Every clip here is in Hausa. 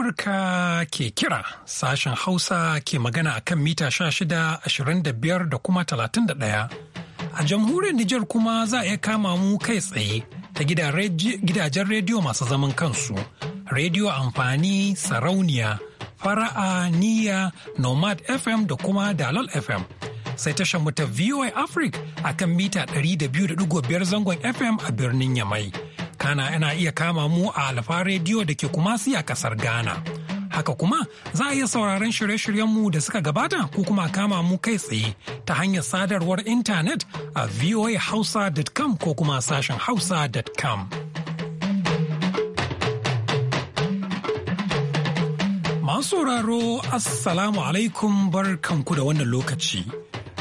Amurka ke kira sashen Hausa ke magana a kan mita 1625 da kuma ɗaya. A jamhuriyar Nijar kuma za a iya kama mu kai tsaye ta gidajen rediyo masu zaman kansu, rediyo amfani sarauniya, fara'a niyya, nomad FM da kuma Dalal FM. Sai tashar mu ta VOA Africa a kan mita 200.5 zangon FM a birnin Yamai. Kana yana iya kama mu a Alfa rediyo da ke Kumasi a kasar Ghana. Haka kuma za a iya sauraron shirye-shiryenmu da suka gabata ko kuma kama mu kai tsaye ta hanyar sadarwar intanet a voahausa.com ko kuma sashen hausa.com. Masu sauraro Assalamu alaikum barkanku da wannan lokaci.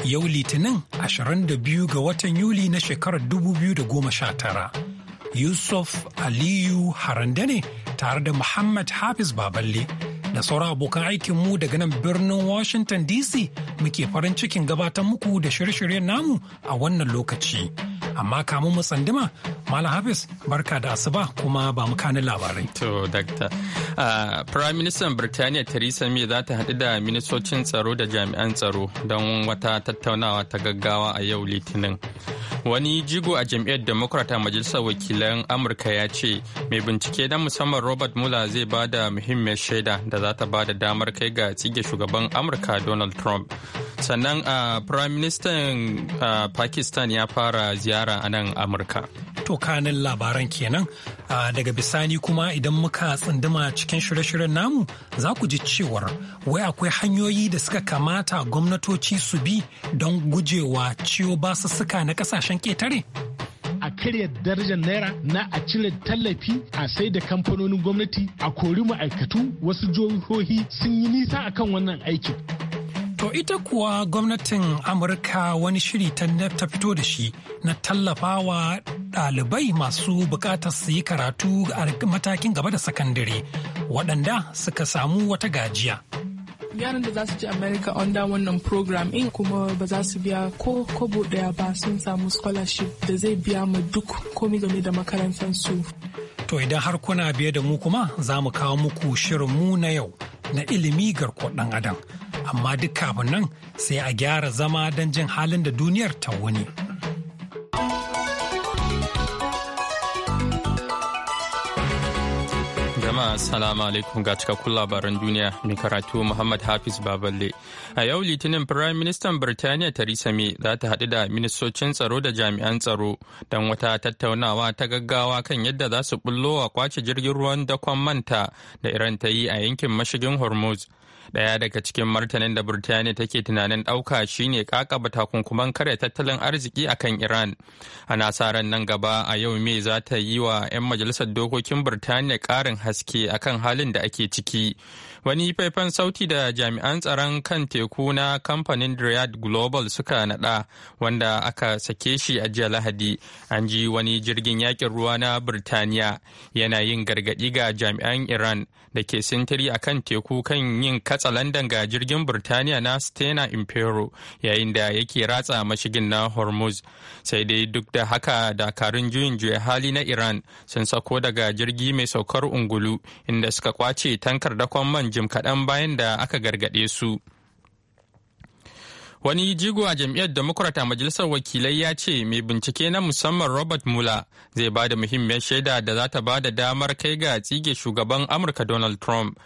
Yau Litinin 22 ga watan Yuli na shekarar 2019. Yusuf Aliyu Harande ne tare da Muhammad Hafiz Baballe da sauran abokan aikinmu daga nan birnin Washington DC muke farin cikin gabatar muku da shirye-shiryen namu a wannan lokaci. Amma kamun mu tsandima, Malam Hafiz barka da asuba kuma ba mu kani labarai. To, Dakta. Uh, Prime Minister Birtaniya Theresa May za ta haɗu da ministocin tsaro da jami'an tsaro don wata tattaunawa ta gaggawa a yau Litinin. wani jigo a jam'iyyar democrat a majalisar wakilan amurka ya ce mai bincike na musamman robert mueller zai ba da muhimmiyar shaida da za ta ba da damar kai ga tsige shugaban amurka donald trump sannan a prime minister pakistan ya fara ziyara a nan amurka to kanin labaran kenan daga bisani kuma idan muka tsunduma cikin shirye-shiryen namu za ku ji cewar wai akwai hanyoyi da suka kamata gwamnatoci su bi don gujewa ciwo basussuka na kasashen ƙasashen a karya darajar naira na a cire tallafi a sai da kamfanonin gwamnati a kori ma'aikatu wasu jihohi sun yi nisa akan wannan aikin To ita kuwa gwamnatin Amurka wani shiri ta fito da shi na tallafawa ɗalibai masu bukatar su yi karatu a matakin gaba da sakandare waɗanda suka samu wata gajiya. yaran da za su je america under wannan program in kuma ba za su biya ko kobo daya ba sun samu scholarship da zai biya ma duk komi game da makarantar su to idan har kuna biye da mu kuma za mu kawo muku shirin mu na yau na ilimi garko dan adam amma duk kafin nan sai a gyara zama don jin halin da duniyar ta wuni. jama'a alaikum ga cikakkun labaran duniya mai karatu Muhammad Hafiz Baballe. A yau Litinin Firayim Ministan Birtaniya Theresa May za ta haɗu da ministocin tsaro da jami'an tsaro don wata tattaunawa ta gaggawa kan yadda za su bullo wa kwace jirgin ruwan dakon manta da Iran ta yi a yankin mashigin Hormuz Daya daga cikin martanin da burtaniya take tunanin ɗauka shine kakaba takunkuman kare tattalin arziki akan Iran. Ana sa nan gaba a yau me za ta yi wa 'yan majalisar dokokin burtaniya ƙarin haske akan halin da ake ciki. Wani faifan sauti da jami'an tsaron kan teku na kamfanin dread Global suka naɗa wanda aka sake shi a jiya Lahadi. An ji wani jirgin yakin ruwa na Birtaniya yana yin gargadi ga jami'an Iran da ke sintiri a kan teku kan yin katsalandan ga jirgin Birtaniya na Stena Impero yayin da yake ratsa mashigin na Hormuz. Sai dai duk da haka dakarun juyin juya hali na Iran sun sako daga jirgi mai saukar ungulu inda suka kwace tankar dakon man jim kaɗan bayan da aka gargaɗe su. Wani jigo a jam'iyyar Democrat a Majalisar Wakilai ya ce mai bincike na musamman Robert Mueller zai ba da muhimmiyar shaida da za ta ba da damar kai ga tsige shugaban Amurka Donald Trump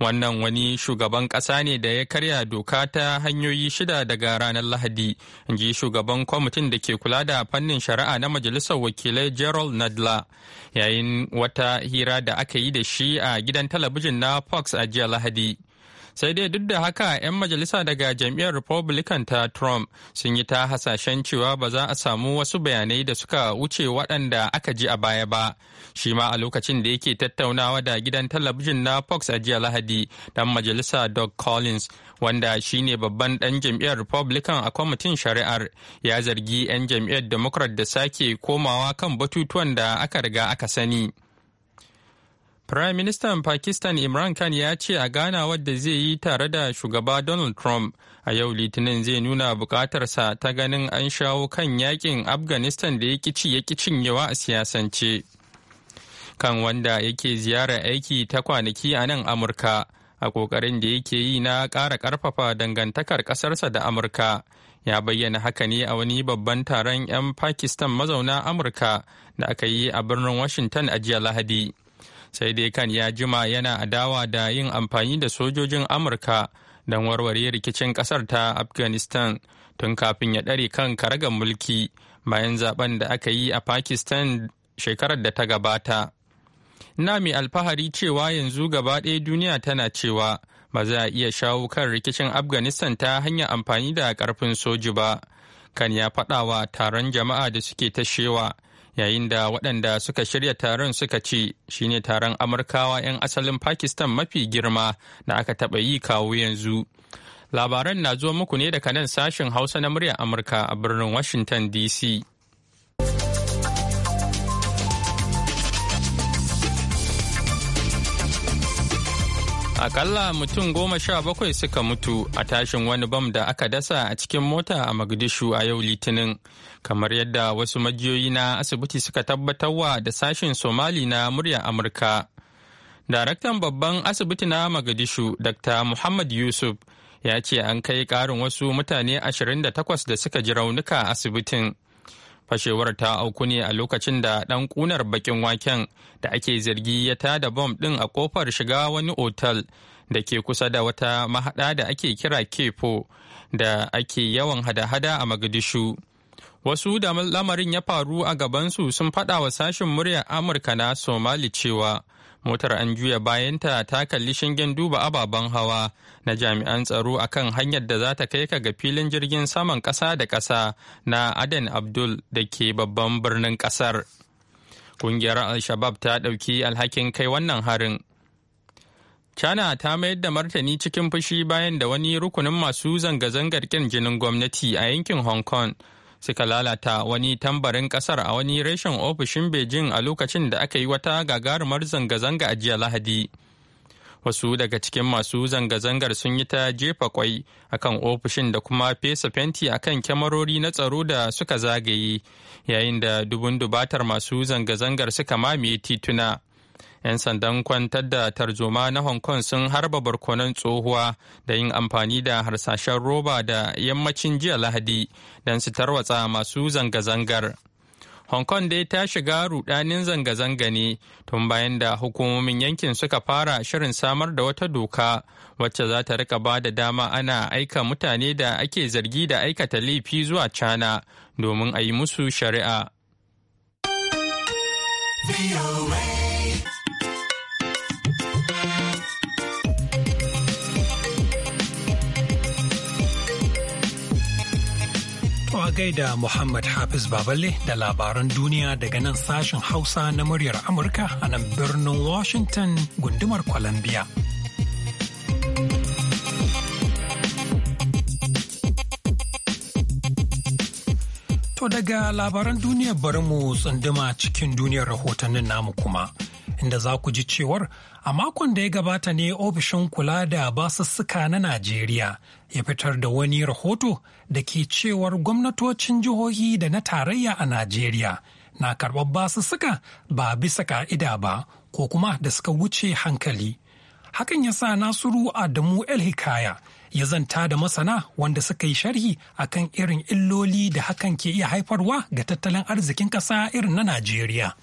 Wannan wani shugaban ƙasa ne da ya karya doka ta hanyoyi shida daga ranar Lahadi, in ji shugaban kwamitin da ke kula da fannin shari'a na Majalisar Wakilai Gerald Nadler, yayin wata hira da aka yi da shi a gidan talabijin na Fox a jiya Lahadi. sai dai duk da haka 'yan majalisa daga jam'iyyar republican ta trump sun yi ta hasashen cewa ba za a samu wasu bayanai da suka wuce waɗanda aka ji a baya ba shi ma a lokacin da yake tattaunawa da gidan talabijin na fox a jiya lahadi dan majalisa doug collins wanda shi ne babban ɗan jam'iyyar republican a kwamitin shari'ar ya zargi 'yan jam'iyyar democrat da sake komawa kan batutuwan da aka riga aka sani. Prime Minister Pakistan Imran Khan ya ce a gana wadda zai yi tare da shugaba Donald Trump a yau Litinin zai nuna bukatarsa ta ganin an shawo kan yakin Afghanistan da ya kici ya cinyewa a siyasance. Kan wanda yake ziyarar aiki ta kwanaki a nan Amurka a kokarin da yake yi na kara ƙarfafa dangantakar ƙasarsa da Amurka. ya bayyana haka ne a wani babban taron 'yan pakistan mazauna amurka da aka yi a birnin washington a jiya lahadi sai dai kan ya jima yana adawa da yin amfani da sojojin amurka don warware rikicin kasar ta afghanistan tun kafin ya ɗare kan karagar mulki bayan zaben da aka yi a pakistan shekarar da ta gabata na mai alfahari cewa yanzu gaba ɗaya duniya tana cewa ba za a iya shawo kan rikicin afghanistan ta hanyar amfani da ƙarfin soji ba kan ya faɗawa taron jama'a da suke tashewa yayin da waɗanda suka shirya taron suka ce shine taron amurkawa 'yan asalin pakistan mafi girma da aka taɓa yi kawo yanzu labaran na zuwa muku ne daga nan sashen hausa na muryar amurka a birnin washington dc Akalla mutum goma sha bakwai suka mutu a tashin wani bam da aka dasa a cikin mota a Magadishu a yau Litinin, kamar yadda wasu majiyoyi na asibiti suka tabbatarwa da sashin Somali na murya Amurka. Daraktan babban asibiti na Magadishu, Dr. Muhammad Yusuf, ya ce an kai karin wasu mutane 28 da suka ji raunuka asibitin. fashewar ta auku ne a lokacin da ɗan kunar bakin waken da ake zargi ya ta da bom ɗin a ƙofar shiga wani otal da ke kusa da wata mahaɗa da ake kira kepo da ake yawan hada-hada a magadishu wasu da lamarin ya faru a gabansu sun faɗa wa sashen muryar amurka na somali cewa motar an juya bayanta ta kalli shingen duba ababen hawa na jami'an tsaro akan hanyar da za ta kai ka ga filin jirgin saman ƙasa da ƙasa na aden abdul da ke babban birnin ƙasar ƙungiyar al-shabab ta ɗauki alhakin kai wannan harin China ta mayar da martani cikin fushi bayan da wani rukunin masu zanga-zangar ƙin jinin gwamnati a yankin Hong Kong suka lalata wani tambarin kasar a wani reshen ofishin Beijing a lokacin da aka yi wata gagarumar zanga-zanga a jiya Lahadi. Wasu daga cikin masu zanga-zangar sun yi ta jefa kwai akan ofishin da kuma fesa fenti akan kyamarori na tsaro da suka zagaye, yayin da dubun dubatar masu zanga-zangar suka mamaye tituna. 'Yan sandan kwantar da tarzoma na Hong Kong sun harba barkonan tsohuwa da yin amfani da harsashen roba da yammacin jiya Lahadi don su tarwatsa masu zanga-zangar. Hong Kong dai ta shiga rudanin zanga-zanga ne tun bayan da hukumomin yankin suka fara shirin samar da wata doka wacce za ta rika ba da dama ana aika mutane da ake zargi da aikata laifi zuwa cana domin a yi musu shari'a. gai gaida Muhammad Hafiz Baballe da labaran duniya daga nan sashen Hausa na muryar Amurka a nan birnin Washington gundumar Columbia. To daga labaran duniyar bari mu tsunduma cikin duniyar rahotannin namu kuma. inda za ku ji cewar a makon da ya gabata ne ofishin kula da basussuka na Najeriya ya fitar da wani rahoto da ke cewar gwamnatocin jihohi da na tarayya a Najeriya na karɓar basussuka ba bisa ka'ida ba ko kuma da suka wuce hankali. Hakan ya sa Nasiru Adamu El Hikaya ya zanta da masana wanda suka yi sharhi akan irin illoli da hakan ke iya haifarwa ga tattalin arzikin ƙasa irin na Najeriya.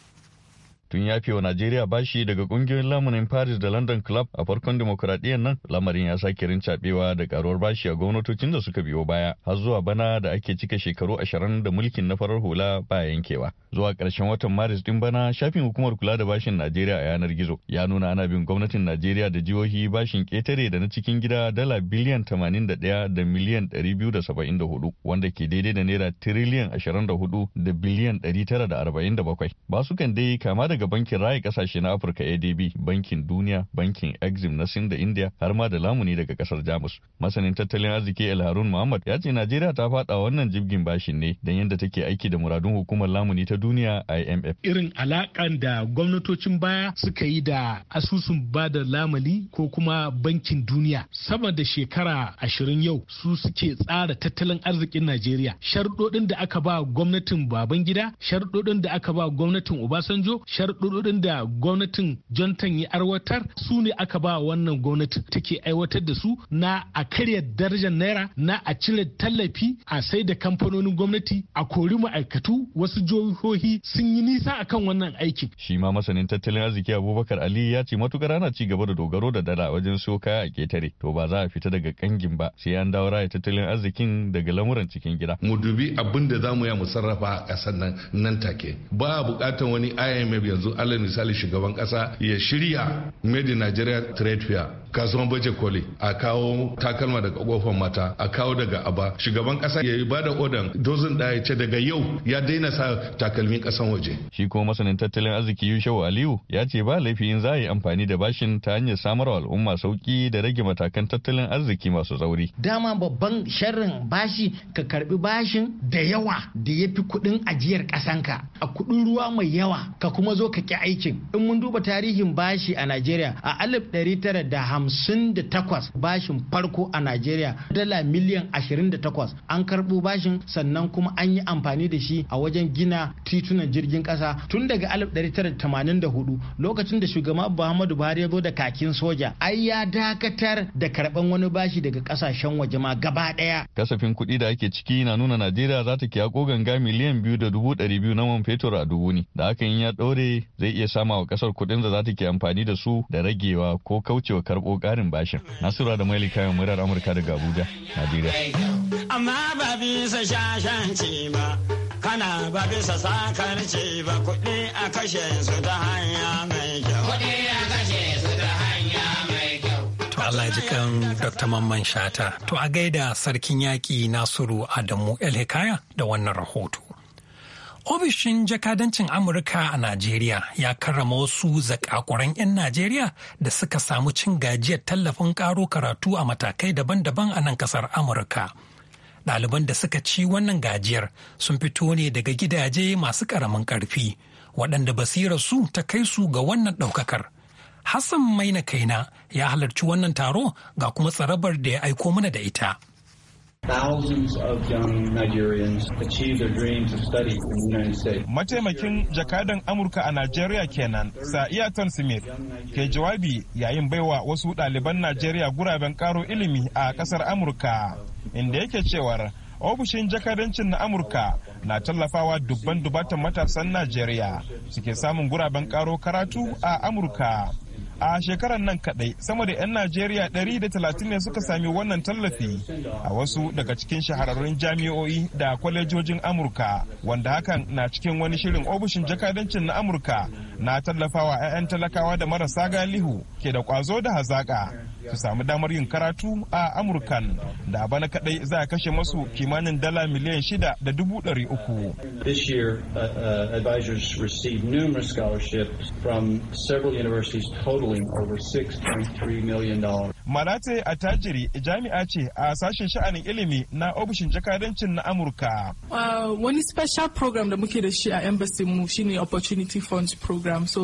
tun ya fi wa Najeriya bashi daga kungiyoyin lamunin Paris da London Club a farkon demokuraɗiyyar nan lamarin ya sake rincaɓewa da karuwar bashi a gwamnatocin da suka biyo baya har zuwa bana da ake cika shekaru ashirin da mulkin na farar hula ba yankewa. Zuwa ƙarshen watan Maris ɗin bana shafin hukumar kula da bashin Najeriya a yanar gizo ya nuna ana bin gwamnatin Najeriya da jihohi bashin ƙetare da na cikin gida dala biliyan tamanin da ɗaya da miliyan ɗari biyu da saba'in da hudu wanda ke daidai da naira tiriliyan ashirin da hudu da biliyan ɗari tara da arba'in da bakwai. Ba su kan dai kama da daga bankin raya kasashe na Afirka ADB, bankin duniya, bankin Exim na Sin da India har ma da lamuni daga kasar Jamus. Masanin tattalin arziki El Harun Muhammad ya ce Najeriya ta fada wannan jibgin bashin ne dan yadda take aiki da muradun hukumar lamuni ta duniya IMF. Irin alakan da gwamnatocin baya suka yi da asusun ba da lamali ko kuma bankin duniya sama da shekara ashirin yau su suke tsara tattalin arzikin Najeriya. Sharuɗoɗin da aka ba gwamnatin Babangida, sharuɗoɗin da aka ba gwamnatin Obasanjo, sharuɗoɗin da gwamnatin jonathan ya arwatar su ne aka ba wannan gwamnati take aiwatar da su na a karya darajar naira na a cire tallafi a sai da kamfanonin gwamnati a kori ma'aikatu wasu jihohi sun yi nisa akan wannan aikin shi ma masanin tattalin arziki abubakar ali ya ce matukar ana ci gaba da dogaro da dala wajen siyo kaya a ketare to ba za a fita daga kangin ba sai an dawo raya tattalin arzikin daga lamuran cikin gida mu dubi abin da za mu ya mu sarrafa a ƙasar nan nan take ba a buƙatar wani imf ya yanzu alal misali shugaban kasa ya shirya made in nigeria trade fair kasuwan baje koli a kawo takalma daga kofar mata a kawo daga aba shugaban kasa ya yi ba da odan dozin daya ce daga yau ya daina sa takalmin kasan waje shi kuma masanin tattalin arziki yushau aliyu ya ce ba laifi in za a yi amfani da bashin ta hanyar samarwa al'umma sauki da rage matakan tattalin arziki masu tsauri dama babban sharrin bashi ka karbi bashin da yawa da ya fi kudin ajiyar kasanka a kudin ruwa mai yawa ka kuma zo zo ka ki aikin in mun duba tarihin bashi a Najeriya a 1958 bashin farko a Najeriya dala miliyan 28 an karbo bashin sannan kuma an yi amfani da shi a wajen gina titunan jirgin kasa tun daga 1984 lokacin da shugaba Muhammadu Buhari ya zo da kakin soja ai ya dakatar da karban wani bashi daga kasashen waje ma gaba daya kasafin kuɗi da ake ciki na nuna Najeriya za ta kiya ganga miliyan biyu da dubu na man fetur a dubu ne da yi ya ɗore zai iya sama wa ƙasar kuɗin da za ta ke amfani da su da ragewa ko kaucewa karɓo ƙarin bashin. Nasura da Maili kayan murar Amurka daga Abuja, Najeriya. Amma ba bisa shashanci ba, kana ba bisa sakarci ba kuɗi a kashe su ta hanya mai kyau. Kuɗi a kashe su ta hanya mai kyau. To Allah ji kan Dr. Mamman Shata. To a gaida sarkin yaƙi Nasiru Adamu El Hikaya da wannan rahoto. Ofishin jakadancin Amurka a Najeriya ya karrama wasu zakakuran 'yan Najeriya da suka samu cin gajiyar tallafin karo karatu a matakai daban-daban a nan kasar Amurka. Ɗaliban da suka ci wannan gajiyar sun fito ne daga gidaje masu ƙaramin ƙarfi, waɗanda basirar su ta kai su ga wannan ɗaukakar. Hassan Maina Kaina ya halarci wannan taro ga kuma tsarabar da ya aiko mana da ita. Mataimakin jakadan Amurka a Najeriya kenan, Sa'iyatan Smith, ke jawabi yayin baiwa wasu ɗaliban Najeriya guraben ƙaro ilimi a ƙasar Amurka, inda yake cewar ofishin jakadancin na Amurka na tallafawa dubban dubatan matasan Najeriya suke samun guraben ƙaro karatu a Amurka. a shekarar nan kadai sama da 'yan najeriya 130 ne suka sami wannan tallafi a wasu daga cikin shahararrun jami'o'i da kwalejojin amurka wanda hakan na cikin wani shirin ofishin jakadancin na amurka na tallafawa 'ya'yan talakawa da marasa galihu ke da kwazo da hazaka su samu damar yin karatu a amurkan da bana kadai za a kashe masu kimanin dala miliyan shida da dubu dari uku Malate tajiri jami'a ce a sashen sha'anin ilimi na ofishin jakadancin na Amurka. Uh, wani special program da muke da shi a embassy mu shine Opportunity Funds program. So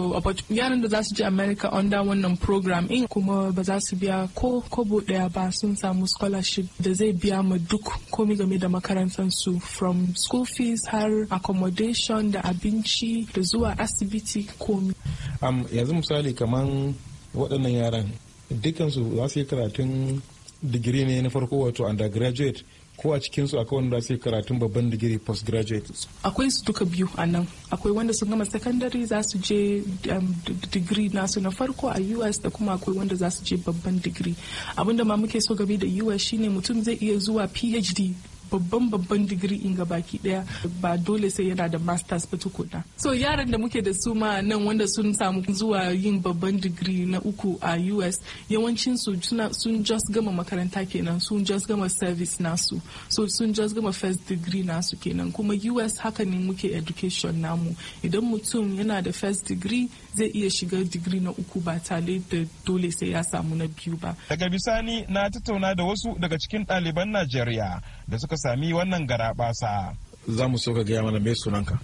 yaran da za su je America under wannan program in kuma ba za su biya biya ko kobo daya ba sun samu scholarship da zai biya ma duk komi game da makarantar su from school fees har accommodation da abinci da zuwa asibiti komi. Um, yanzu misali kaman waɗannan yaran dukansu za su yi karatun digiri ne na farko wato undergraduate ko a cikin su akwai wanda su karatun babban digiri postgraduate akwai su duka biyu a nan akwai wanda sun gama secondary za su je um, digiri nasu na farko a US da kuma akwai wanda za su je babban digiri abinda ma muke so gabi da US shine mutum zai iya zuwa PhD babban babban digiri in ga baki daya ba dole sai yana da masters ba tukuna so yaran da muke da su ma nan wanda sun samu zuwa yin babban digiri na uku a US yawancin su sun just gama makaranta kenan sun just gama service nasu so sun just gama first degree nasu kenan kuma US haka ne muke education namu idan mutum yana da first degree zai iya shiga digiri na uku ba tare da dole sai ya samu na biyu ba daga bisani na tattauna da wasu daga cikin ɗaliban Najeriya da suka sami wannan garabasa. Za mu so ka gaya mana mai sunanka.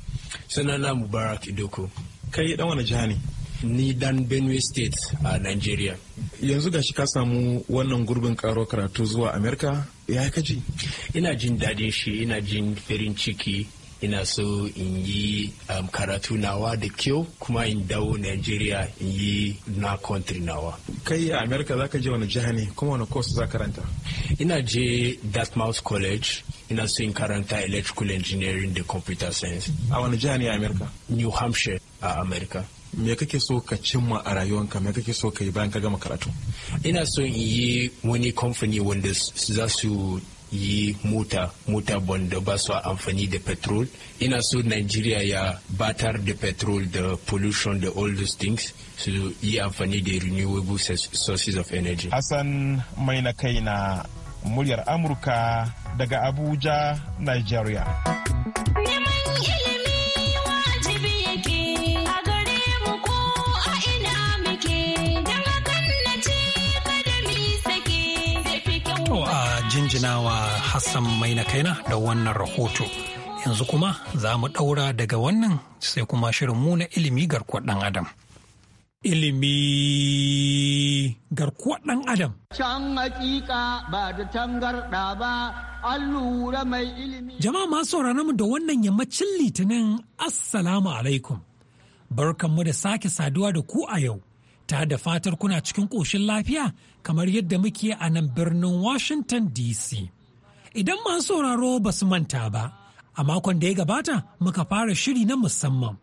Sunana Mubarak Idoko. Kai dan wani jiha ne? Ni dan Benue State a Nigeria. Yanzu gashi ka samu wannan gurbin karo karatu zuwa Amerika ya ka ji? Ina jin daɗin shi, ina jin farin ciki, ina so in yi um, karatu nawa da kyau kuma in dawo Nigeria in yi na country nawa. Kai a America za ka je wani jiha ne kuma wani course za karanta? Ina je Dartmouth College ina so in karanta electrical engineering da computer science a wani jiha ne a Amerika. new hampshire a Amerika. me kake so ka cimma a rayuwanka me kake so ka yi bayan ka gama karatu ina so in yi wani kamfani wanda za su yi mota mota wanda ba su amfani da petrol ina so nigeria ya batar da petrol da pollution da all those things su yi amfani da renewable sources of energy hassan mai na kai na muryar amurka daga abuja nigeria jinjinawa Hassan mai na Kaina da wannan rahoto. Yanzu kuma za mu ɗaura daga wannan sai kuma shirin mu na ilimi garkuwar ɗan Adam. ilimi garkuwar ɗan adam. Can hakika ba da tangarɗa ba, an lura mai ilimi. Jama'a masu mu da wannan yammacin litinin Assalamu alaikum. Barkanmu da sake saduwa da ku a yau, ta da fatar kuna cikin ƙoshin lafiya kamar yadda muke a nan birnin Washington DC. Idan masu sauraro ba su manta ba, a makon da ya gabata muka fara shiri na musamman.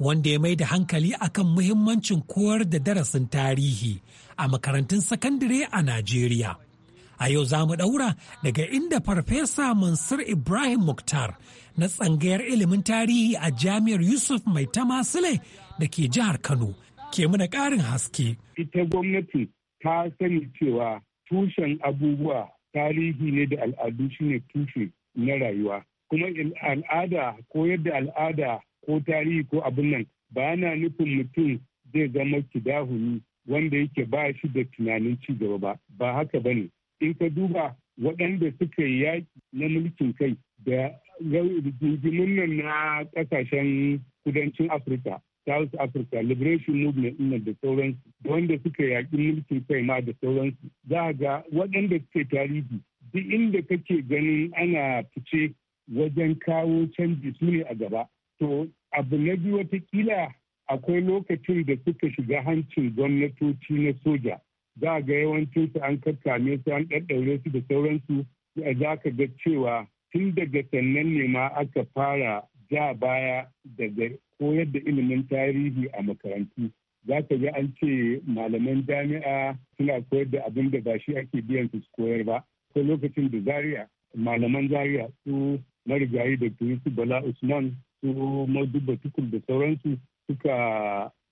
wanda ya mai da hankali akan muhimmancin koyar da darasin tarihi a makarantun sakandare a Najeriya. A yau za mu ɗaura daga inda Farfesa Mansur Ibrahim Mukhtar na tsangayar ilimin tarihi a Jami'ar Yusuf Mai Tamasile da ke jihar Kano ke muna ƙarin haske. Ita gwamnati ta sani cewa tushen abubuwa tarihi ne da al'adu shine tushe na rayuwa. Kuma al'ada koyar da al'ada ko tarihi ko abin nan ba yana nufin mutum zai zama kidahuni wanda yake ba shi da tunanin ci gaba ba ba haka ba ne in ka duba waɗanda suka yi yaƙi na mulkin kai da rigimin nan na ƙasashen kudancin afirka south africa liberation movement ɗin da sauransu da wanda suka yaƙi mulkin kai ma da sauransu za a ga waɗanda suke tarihi duk inda kake ganin ana fice wajen kawo canji su ne a gaba to abu na biyu watakila akwai lokacin da suka shiga hancin gwamnatoci na soja za ga yawancin su an kakkame su an ɗaɗɗaure su da sauransu su za ka ga cewa tun daga sannan ne ma aka fara ja baya daga koyar da ilimin tarihi a makarantu za ka ga an ce malaman jami'a suna koyar da abin da ba shi ake biyan su koyar ba ko lokacin da zaria malaman zaria su marigayi da turisu bala usman su maduba tukul da sauransu suka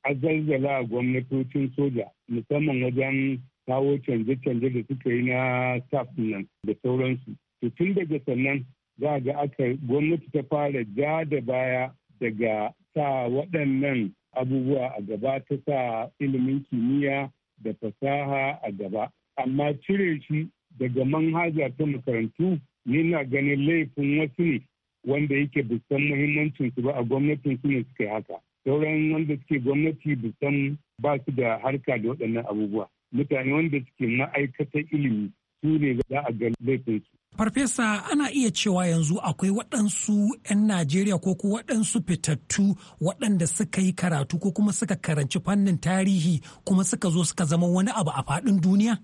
azazzala gwamnatocin soja musamman wajen kawo canje-canje da suka yi na staff nan da sauransu. To tun daga sannan za ga aka gwamnati ta fara ja da baya daga sa waɗannan abubuwa a gaba ta sa ilimin kimiyya da fasaha a gaba. Amma cire shi daga manhaja ta makarantu ni na ganin laifin wasu ne wanda yake bisan muhimmancin su ba a gwamnatin su ne suka yi haka sauran wanda suke gwamnati bisan ba su da harka da waɗannan abubuwa mutane wanda suke ma'aikatar ilimi su ne za a ga laifinsu Farfesa ana iya cewa yanzu akwai waɗansu 'yan Najeriya ko kuma waɗansu fitattu waɗanda suka yi karatu ko kuma suka karanci fannin tarihi kuma suka zo suka zama wani abu a faɗin duniya?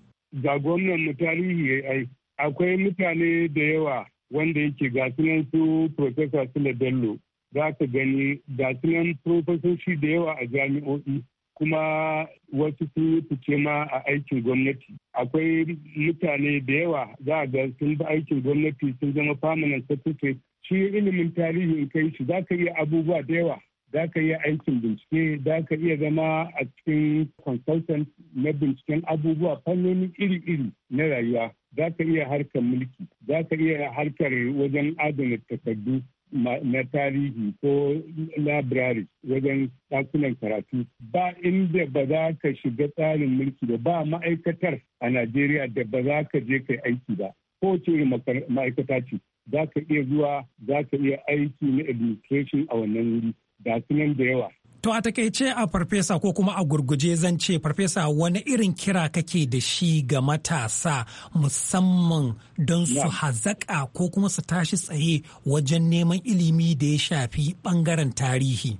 Ga gwamnan mu tarihi ai akwai mutane da yawa wanda yake ga sunan su Profesa Sule Bello za ka gani ga sunan profesoshi da yawa a jami'o'i kuma wasu sun fice ma a aikin gwamnati akwai mutane da yawa za a ga sun aikin gwamnati sun zama permanent secretary shi ilimin tarihi in kai shi za ka iya abubuwa da yawa za ka iya aikin bincike za ka iya zama a cikin consultant na binciken abubuwa fannoni iri-iri na rayuwa za ka iya harkar mulki za ka iya harkar wajen adana takardu na tarihi ko labirari wajen ɗakunan karatu ba inda ba za ka shiga tsarin mulki da ba ma'aikatar a najeriya da ba za ka je kai aiki ba ko ce ma'aikata ce za ka iya zuwa za ka iya aiki na administration a wannan wuri da da yawa To a takaice a farfesa ko kuma a gurguje zan ce farfesa wani irin kira kake da shi ga matasa musamman don su hazaƙa ko kuma su tashi tsaye wajen neman ilimi da ya shafi bangaren tarihi.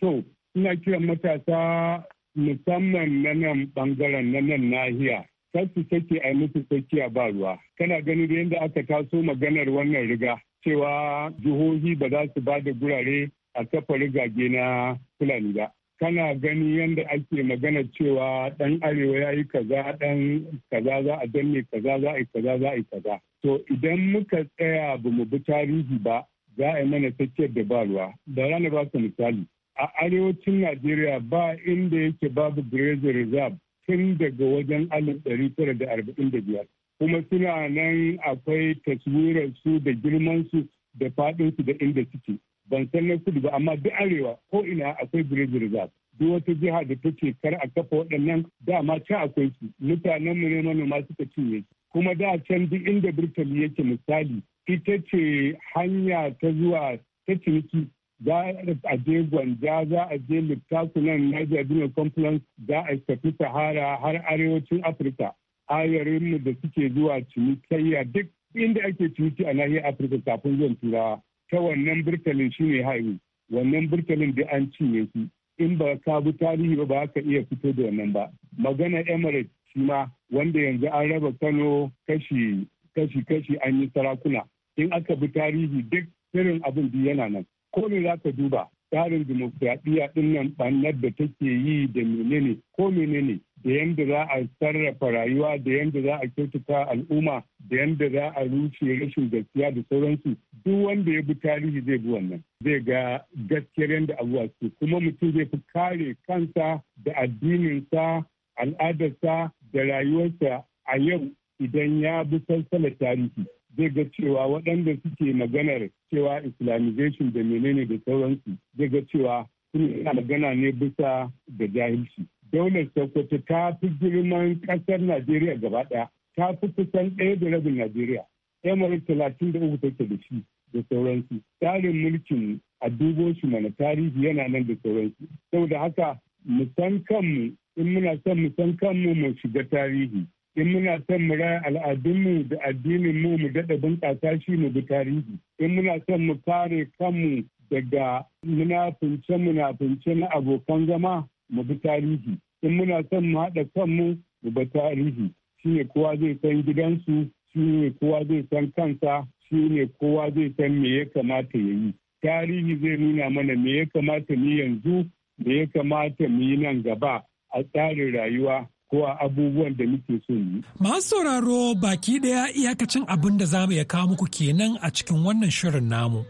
To, ina kiran matasa musamman na nan ɓangaren na nan nahiya. Kasu take a musu tsakiya ba ruwa. Kana ganin da yadda aka taso maganar wannan riga cewa jihohi ba za su ba da gurare a kafa rigage na fulani ba kana gani yadda ake magana cewa ɗan arewa ya yi kaza ɗan kaza za a danne kaza za a yi kaza za a yi kaza to idan muka tsaya ba mu bi tarihi ba za a yi mana tsakiyar da ba ruwa da rana ba su misali a arewacin najeriya ba inda yake babu grazer reserve tun daga wajen alif ɗari tara da arba'in da biyar kuma suna nan akwai taswirar su da girman su da faɗin su da inda suke ban san na kudu ba amma duk arewa ko ina akwai grazing reserve duk wata jiha da ta take kar a kafa waɗannan dama ta akwai su mutanen mu ne manoma suka cinye kuma da can duk inda burtali yake misali ita ce hanya ta zuwa ta ciniki za a je gwanja za a je littafunan niger dino complex za a tafi sahara har arewacin afirka ayarinmu da suke zuwa cinikayya duk inda ake ciniki a nahiyar afirka kafin zuwan turawa ta wannan burtalin shine haihu wannan burtalin da an cinye shi in ba ka bi tarihi ba ba ka iya fito da wannan ba magana emirates shi ma wanda yanzu an raba kano kashi kashi kashi an yi sarakuna in aka bi tarihi duk irin abin da yana nan ko ne za ka duba tsarin dimokuraɗiyya ɗin nan ɓannar da take yi da menene ko menene da yadda za a sarrafa rayuwa da yadda za a kyautata al'umma da yadda za a rushe rashin gaskiya da sauransu duk wanda ya bi tarihi zai bi wannan zai ga gaskiyar yadda abuwa su kuma mutum zai fi kare kansa da addininsa al'adarsa da rayuwarsa a yau idan ya bi salsalar tarihi zai ga cewa waɗanda suke maganar cewa islamization da menene da sauransu zai ga cewa sun suna magana ne bisa da jahilci daular sokoto ta fi girman ƙasar najeriya gaba ɗaya ta fi kusan ɗaya da rabin najeriya emirate talatin da uku take da shi da sauransu tsarin mulkin a dubo shi mana tarihi yana nan da sauransu saboda haka mu san kanmu in muna son mu san kanmu mu shiga tarihi in muna son mu raya al'adunmu da addinin mu mu daɗa bunƙasa shi mu bi tarihi in muna son mu kare kanmu daga munafince munafince na abokan zama mu bi tarihi in muna son mu haɗa kanmu mu bi tarihi shine kowa zai san gidansu shi ne kowa zai san kansa shi ne kowa zai san me ya kamata ya yi tarihi zai nuna mana me ya kamata mu yanzu me ya kamata mu yi nan gaba a tsarin rayuwa ko a abubuwan da muke so yi. Masu sauraro baki ɗaya iyakacin abin da za mu iya kawo muku kenan a cikin wannan shirin namu.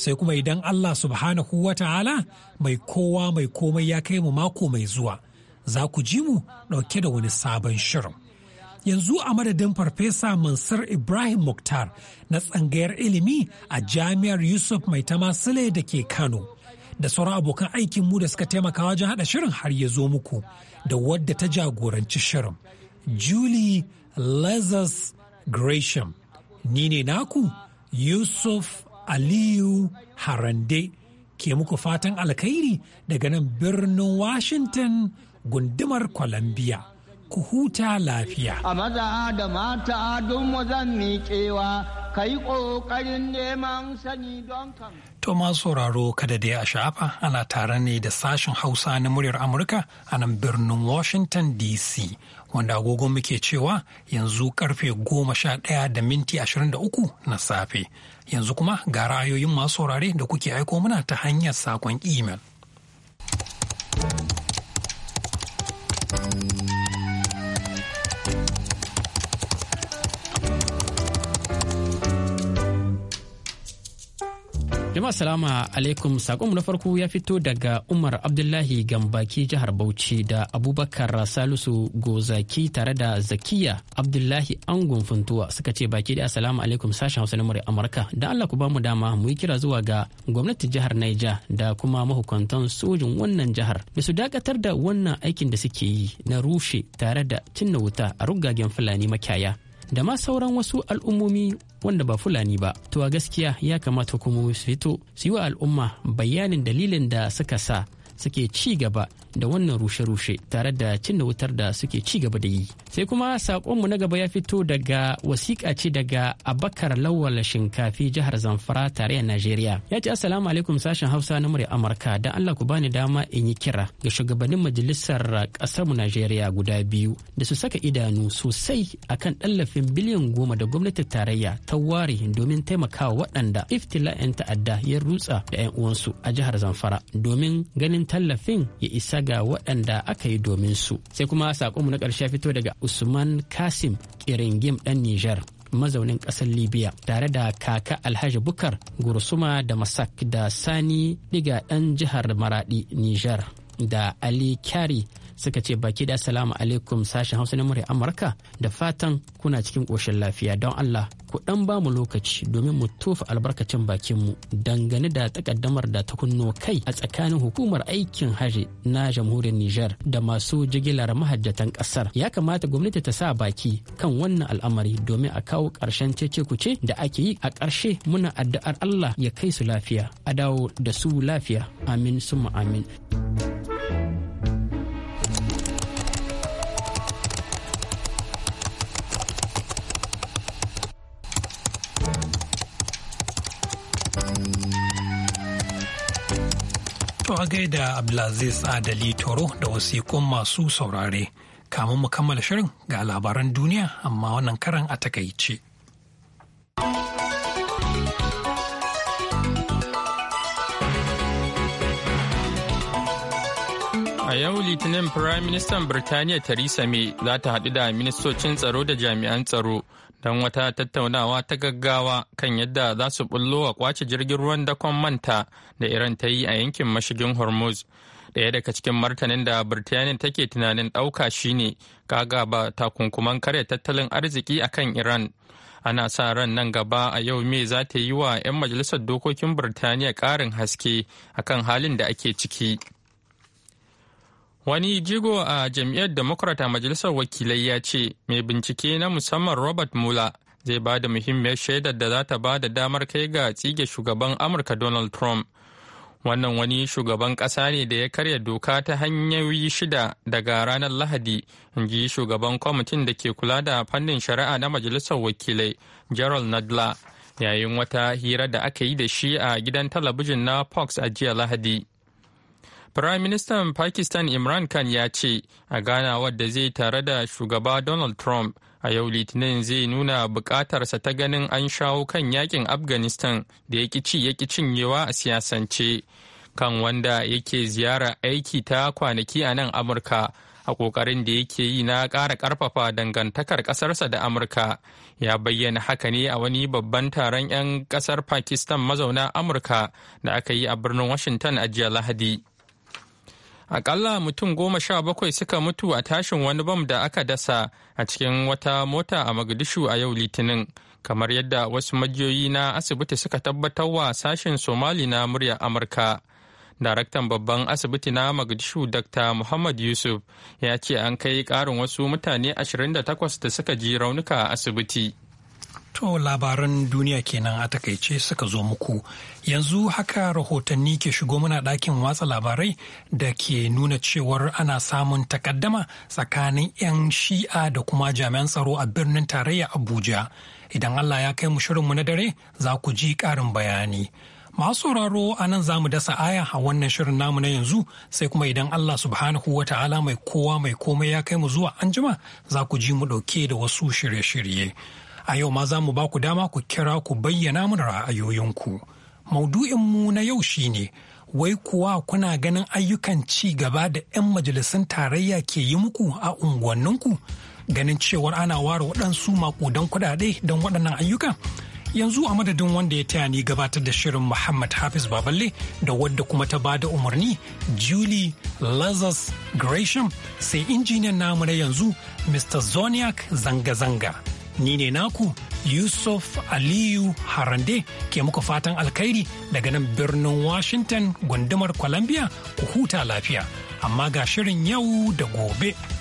Sai kuma idan Allah subhanahu wa ta'ala mai kowa mai komai ya kai mu mako mai zuwa, za ku ji mu ɗauke da wani sabon shirin. yanzu a madadin farfesa mansur ibrahim mukhtar na tsangayar ilimi a jami'ar yusuf mai tamasile da ke kano da sauran abokan aikin mu da suka taimaka wajen haɗa shirin har ya zo muku da wadda ta jagoranci shirin julie lazarus gresham ni ne naku yusuf aliyu harande ke muku fatan alkhairi daga nan birnin washington gundumar columbia ku huta lafiya. A maza da mata don wazan miƙewa, ka yi ƙoƙarin neman sani don kan. To masu sauraro kada dai a sha'afa ana tare ne da sashen Hausa na muryar Amurka a nan birnin Washington DC. Wanda agogo muke cewa yanzu karfe goma sha ɗaya da minti ashirin da uku na safe. Yanzu kuma ga ra'ayoyin masu saurare da kuke aiko muna ta hanyar saƙon imel. Jama'a salama alaikum sakonmu na farko ya fito daga Umar Abdullahi Gambaki jihar Bauchi da Abubakar Salisu Gozaki tare da Zakiya Abdullahi Angon Funtuwa suka ce baki da salamu alaikum sashen Hausa na murya Amurka. Da Allah ku bamu dama mu yi kira zuwa ga gwamnatin jihar Naija da kuma mahukuntan sojin wannan jihar. Da su dakatar da wannan aikin da suke yi na rushe tare da cinna wuta a rugagen Fulani makiyaya. da ma sauran wasu al'ummomi wanda ba fulani ba to a gaskiya ya kamata kuma su fito su yi wa al'umma bayanin dalilin da suka sa suke ci gaba da wannan rushe-rushe tare da cinna wutar da suke ci gaba da yi sai kuma saƙonmu na gaba ya fito daga wasiƙa ce daga abakar lawal shinkafi jihar zamfara tare tarayyar najeriya ya ce assalamu alaikum sashen hausa na murya amurka da allah ku bani dama in yi kira ga shugabannin majalisar ƙasarmu najeriya guda biyu da su saka idanu sosai akan tallafin biliyan goma da gwamnatin tarayya ta ware domin taimakawa waɗanda iftila'in ta'adda ya rutsa da 'yan uwansu a jihar zamfara domin ganin tallafin ya isa ga waɗanda aka yi domin su sai kuma sakonmu na ƙarshe fito daga usman kasim kiringim ɗan nijar mazaunin ƙasar libya tare da kaka alhaji bukar gursuma da masak da sani diga ɗan jihar maradi nijar da ali kyari suka ce baki da salamu alaikum sashen hausa na murya amurka da fatan kuna cikin ƙoshin lafiya don allah ku ɗan ba mu lokaci domin mu tofa albarkacin bakinmu dangane da takaddamar da ta kunno kai a tsakanin hukumar aikin haji na jamhuriyar Nijar da masu jigilar mahajjatan ƙasar. Ya kamata gwamnati ta sa baki kan wannan al'amari domin a kawo ƙarshen cece-kuce da ake yi a ƙarshe muna addu'ar Allah ya kai su lafiya, a dawo da su lafiya. Amin summa amin. To a gaida Abdulaziz Adali Toro da wasiƙun masu saurare. Kamun mu kammala shirin ga labaran duniya amma wannan karan a takaice. A yau Litinin Firayim Ministan Birtaniya Theresa May za ta haɗu da ministocin tsaro da jami'an tsaro don wata tattaunawa ta gaggawa kan yadda za su bullo wa kwace jirgin ruwan dakon manta da Iran ta yi a yankin mashigin Hormuz. Daya daga cikin martanin da Birtaniya take tunanin ɗauka shine kaga ba takunkuman karya tattalin arziki a kan Iran. Ana sa ran nan gaba a yau me za ta yi wa 'yan majalisar dokokin Birtaniya ƙarin haske akan halin da ake ciki. Wani jigo a jam'iyyar Democrat a majalisar wakilai ya ce mai bincike na musamman Robert Mueller zai ba da muhimmiyar shaidar da za ta ba da damar kai ga tsige shugaban Amurka Donald Trump. Wannan wani shugaban ƙasa ne da ya karya doka ta hanyoyi shida daga ranar Lahadi, in ji shugaban kwamitin da ke kula da fannin shari'a na Majalisar Wakilai, Gerald Nadler, yayin wata hira da aka yi da shi a gidan talabijin na Fox a jiya Lahadi. Firaministan Pakistan Imran Khan ya ce a ganawar wadda zai tare da shugaba Donald Trump a yau Litinin zai nuna bukatarsa ta ganin an shawo kan yakin Afghanistan da ya ci ya cinyewa a siyasance. Kan wanda yake ziyara aiki ta kwanaki a nan Amurka a ƙoƙarin da yake yi na ƙara ƙarfafa dangantakar ƙasarsa da Amurka. Ya bayyana haka ne a wani babban taron 'yan ƙasar Pakistan mazauna Amurka da aka yi a birnin Washington a jiya Lahadi. Akalla mutum goma sha bakwai suka mutu a tashin wani bam da aka dasa a cikin wata mota a Magadishu a yau Litinin, kamar yadda wasu majiyoyi na asibiti suka tabbatar wa sashen Somali na muryar Amurka. Daraktan babban asibiti na Magadishu Dr. Muhammad Yusuf ya ce an kai ƙarin wasu mutane 28 da suka ji raunuka a asibiti. To labaran duniya kenan a takaice suka zo muku. Yanzu haka rahotanni ke shigo muna ɗakin watsa labarai da ke nuna cewar ana samun takaddama tsakanin 'yan shi'a da kuma jami'an tsaro a birnin tarayya Abuja. Idan Allah ya kai mu shirinmu na dare za ku ji ƙarin bayani. Masu sauraro a nan za mu dasa aya a wannan shirin namu na yanzu sai kuma idan Allah subhanahu wa ta'ala mai kowa mai komai ya kai mu zuwa anjima za ku ji mu ɗauke da wasu shirye-shirye. A yau ma za mu ba ku dama ku kira ku bayyana mu ra'ayoyinku. Maudu'inmu na yau shine wai kuwa kuna ganin ayyukan ci gaba da 'yan majalisun tarayya ke yi muku a unguwanninku ganin cewar ana ware waɗansu maƙudan kuɗaɗe don waɗannan ayyuka. yanzu a madadin wanda ya taya ni gabatar da shirin Muhammad Hafiz Baballe da wadda kuma ta bada umarni Julie Lazarus Gresham sai injiniyan namu na yanzu Mr. zoniak zanga-zanga. ni ne naku Yusuf Aliyu Harande ke muku fatan alkhairi daga nan birnin Washington gundumar Columbia ku huta lafiya. Amma ga shirin yau da gobe.